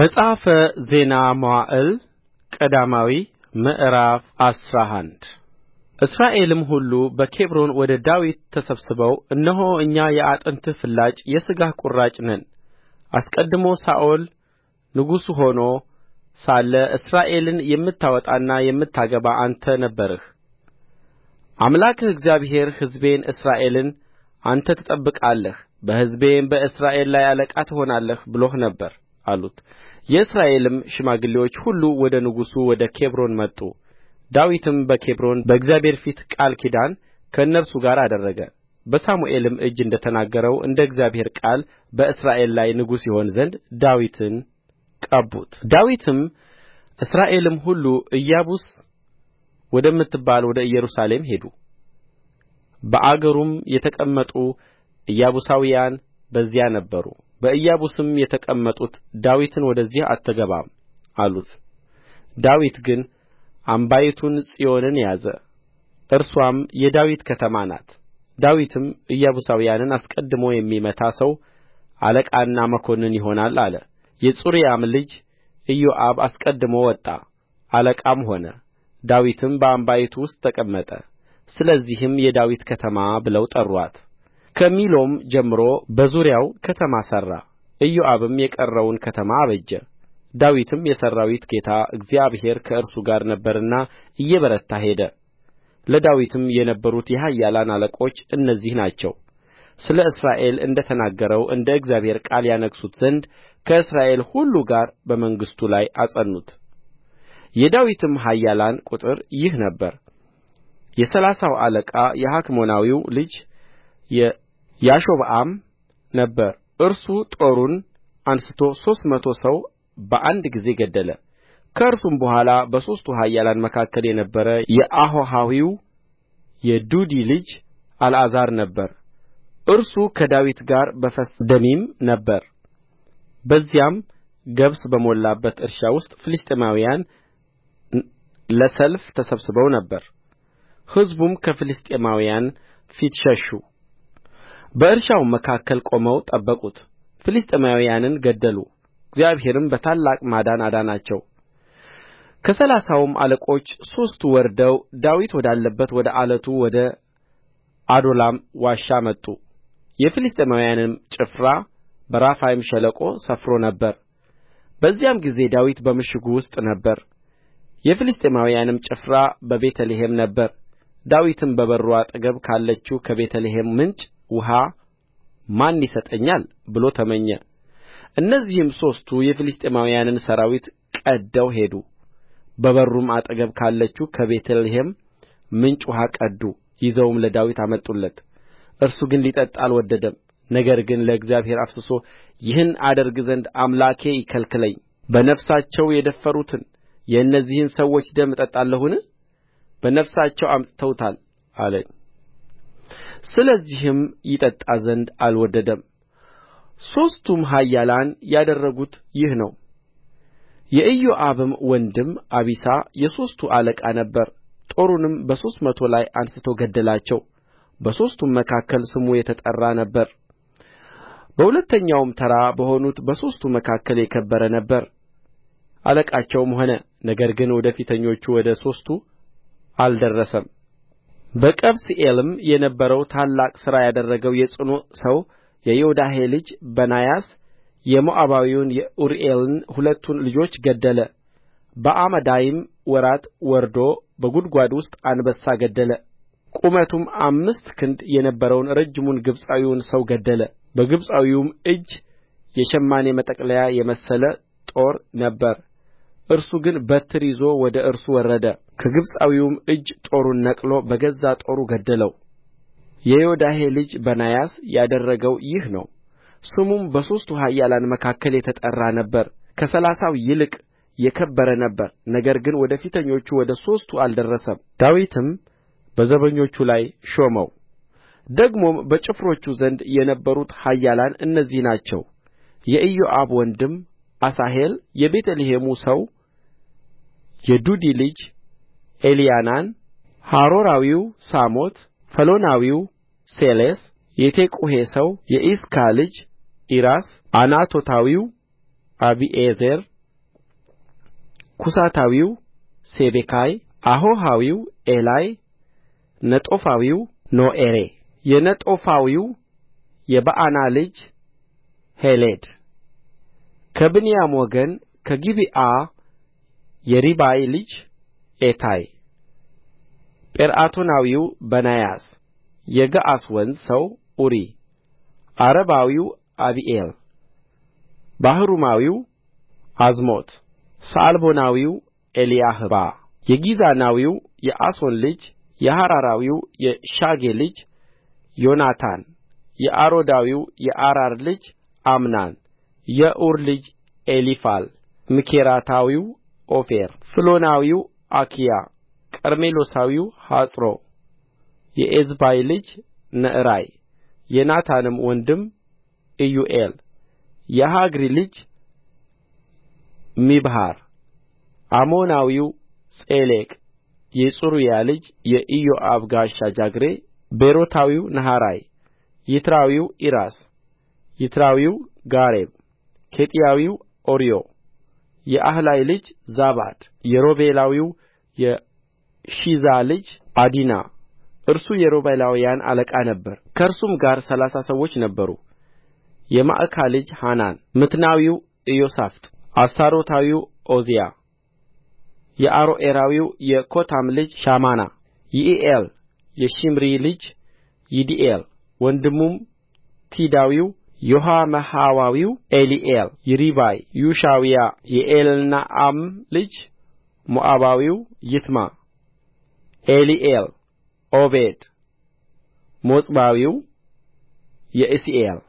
መጽሐፈ ዜና መዋዕል ቀዳማዊ ምዕራፍ አስራ አንድ እስራኤልም ሁሉ በኬብሮን ወደ ዳዊት ተሰብስበው እነሆ እኛ የአጥንትህ ፍላጭ የሥጋህ ቍራጭ ነን አስቀድሞ ሳኦል ንጉሥ ሆኖ ሳለ እስራኤልን የምታወጣና የምታገባ አንተ ነበርህ አምላክህ እግዚአብሔር ሕዝቤን እስራኤልን አንተ ትጠብቃለህ በሕዝቤም በእስራኤል ላይ አለቃ ትሆናለህ ብሎህ ነበር አሉት የእስራኤልም ሽማግሌዎች ሁሉ ወደ ንጉሡ ወደ ኬብሮን መጡ ዳዊትም በኬብሮን በእግዚአብሔር ፊት ቃል ኪዳን ከእነርሱ ጋር አደረገ በሳሙኤልም እጅ እንደ ተናገረው እንደ እግዚአብሔር ቃል በእስራኤል ላይ ንጉሥ ይሆን ዘንድ ዳዊትን ቀቡት ዳዊትም እስራኤልም ሁሉ ኢያቡስ ወደምትባል ወደ ኢየሩሳሌም ሄዱ በአገሩም የተቀመጡ ኢያቡሳውያን በዚያ ነበሩ በኢያቡስም የተቀመጡት ዳዊትን ወደዚህ አትገባም አሉት ዳዊት ግን አምባይቱን ጽዮንን ያዘ እርስዋም የዳዊት ከተማ ናት ዳዊትም ኢያቡሳውያንን አስቀድሞ የሚመታ ሰው አለቃና መኰንን ይሆናል አለ የጽሩያም ልጅ ኢዮአብ አስቀድሞ ወጣ አለቃም ሆነ ዳዊትም በአምባይቱ ውስጥ ተቀመጠ ስለዚህም የዳዊት ከተማ ብለው ጠሩአት ከሚሎም ጀምሮ በዙሪያው ከተማ ሠራ ኢዮአብም የቀረውን ከተማ አበጀ ዳዊትም የሠራዊት ጌታ እግዚአብሔር ከእርሱ ጋር ነበርና እየበረታ ሄደ ለዳዊትም የነበሩት የኃያላን አለቆች እነዚህ ናቸው ስለ እስራኤል እንደ ተናገረው እንደ እግዚአብሔር ቃል ያነግሡት ዘንድ ከእስራኤል ሁሉ ጋር በመንግሥቱ ላይ አጸኑት የዳዊትም ኃያላን ቍጥር ይህ ነበረ የሠላሳው አለቃ የሐክሞናዊው ልጅ ያሾብአም ነበረ እርሱ ጦሩን አንሥቶ ሦስት መቶ ሰው በአንድ ጊዜ ገደለ ከእርሱም በኋላ በሦስቱ ኃያላን መካከል የነበረ የአሆሃሂው የዱዲ ልጅ አልዓዛር ነበረ እርሱ ከዳዊት ጋር በፈስደሚም ነበረ በዚያም ገብስ በሞላበት እርሻ ውስጥ ፍልስጥኤማውያን ለሰልፍ ተሰብስበው ነበር ሕዝቡም ከፍልስጥኤማውያን ፊት ሸሹ በእርሻውም መካከል ቆመው ጠበቁት ፍልስጥኤማውያንን ገደሉ እግዚአብሔርም በታላቅ ማዳን አዳናቸው ከሠላሳውም አለቆች ሦስቱ ወርደው ዳዊት ወዳለበት ወደ ዓለቱ ወደ ዓዶላም ዋሻ መጡ የፍልስጥኤማውያንም ጭፍራ በራፋይም ሸለቆ ሰፍሮ ነበር በዚያም ጊዜ ዳዊት በምሽጉ ውስጥ ነበረ የፍልስጥኤማውያንም ጭፍራ በቤተ ልሔም ነበረ ዳዊትም በበሩ አጠገብ ካለችው ከቤተ ልሔም ምንጭ ውኃ ማን ይሰጠኛል ብሎ ተመኘ እነዚህም ሦስቱ የፍልስጥኤማውያንን ሠራዊት ቀድደው ሄዱ በበሩም አጠገብ ካለችው ከቤተ ልሔም ምንጭ ውኃ ቀዱ ይዘውም ለዳዊት አመጡለት እርሱ ግን ሊጠጣ አልወደደም ነገር ግን ለእግዚአብሔር አፍስሶ ይህን አደርግ ዘንድ አምላኬ ይከልክለኝ በነፍሳቸው የደፈሩትን የእነዚህን ሰዎች ደም እጠጣለሁን በነፍሳቸው አምጥተውታል አለ ስለዚህም ይጠጣ ዘንድ አልወደደም ሦስቱም ኃያላን ያደረጉት ይህ ነው የኢዮአብም ወንድም አቢሳ የሦስቱ አለቃ ነበረ ጦሩንም በሦስት መቶ ላይ አንሥቶ ገደላቸው በሦስቱም መካከል ስሙ የተጠራ ነበር በሁለተኛውም ተራ በሆኑት በሦስቱ መካከል የከበረ ነበር አለቃቸውም ሆነ ነገር ግን ወደ ፊተኞቹ ወደ ሦስቱ አልደረሰም በቀብስኤልም የነበረው ታላቅ ሥራ ያደረገው የጽኑዕ ሰው የዮዳሄ ልጅ በናያስ የሞዓባዊውን የኡርኤልን ሁለቱን ልጆች ገደለ በአመዳይም ወራት ወርዶ በጕድጓድ ውስጥ አንበሳ ገደለ ቁመቱም አምስት ክንድ የነበረውን ረጅሙን ግብጻዊውን ሰው ገደለ በግብጻዊውም እጅ የሸማኔ መጠቅለያ የመሰለ ጦር ነበረ እርሱ ግን በትር ይዞ ወደ እርሱ ወረደ ከግብጻዊውም እጅ ጦሩን ነቅሎ በገዛ ጦሩ ገደለው የዮዳሄ ልጅ በናያስ ያደረገው ይህ ነው ስሙም በሦስቱ ኃያላን መካከል የተጠራ ነበር ከሠላሳው ይልቅ የከበረ ነበር ነገር ግን ወደ ፊተኞቹ ወደ ሦስቱ አልደረሰም ዳዊትም በዘበኞቹ ላይ ሾመው ደግሞም በጭፍሮቹ ዘንድ የነበሩት ኃያላን እነዚህ ናቸው የኢዮአብ ወንድም አሣሄል የቤተ ልሔሙ ሰው የዱዲ ልጅ ኤልያናን ሃሮራዊው ሳሞት ፈሎናዊው ሴሌስ የቴቁሔ ሰው የዒስካ ልጅ ዒራስ ዓናቶታዊው አቢዔዜር ኩሳታዊው ሴቤካይ አሆሃዊው ዔላይ ነጦፋዊው ኖኤሬ የነጦፋዊው የበዓና ልጅ ሔሌድ ከብንያም ወገን ከጊብዓ የሪባይ ልጅ ኤታይ ጲርዓቶናዊው በናያስ የገዓስ ወንዝ ሰው ኡሪ ዓረባዊው አቢኤል ባሕሩማዊው ዓዝሞት ሰዓልቦናዊው ኤሊያሕባ የጊዛናዊው የአሶን ልጅ የሐራራዊው የሻጌ ልጅ ዮናታን የአሮዳዊው የአራር ልጅ አምናን የኡር ልጅ ኤሊፋል ሚኬራታዊው ኦፌር ፍሎናዊው አኪያ ቀርሜሎሳዊው ሐጽሮ የኤዝባይ ልጅ ነዕራይ የናታንም ወንድም ኢዮኤል የሐግሪ ልጅ ሚብሐር አሞናዊው ጼሌቅ የጽሩያ ልጅ የኢዮአብ ጋሻ ጃግሬ ቤሮታዊው ነሃራይ ይትራዊው ዒራስ ይትራዊው ጋሬብ ኬጢያዊው ኦርዮ የአሕላይ ልጅ ዛባድ የሮቤላዊው የሺዛ ልጅ ዓዲና እርሱ የሮቤላውያን አለቃ ነበረ ከእርሱም ጋር ሠላሳ ሰዎች ነበሩ የማዕካ ልጅ ሐናን ሚትናዊው ኢዮሳፍጥ አስታሮታዊው ዖዝያ የአሮኤራዊው የኮታም ልጅ ሻማና ይዒኤል የሺምሪ ልጅ ይዲኤል ወንድሙም ቲዳዊው ዮሐመሐዋዊው ኤሊኤል ይሪባይ ዮሻዊያ የኤልናዓም ልጅ ሞዓባዊው ይትማ ኤሊኤል ዖቤድ ምጾባዊው የዕሢኤል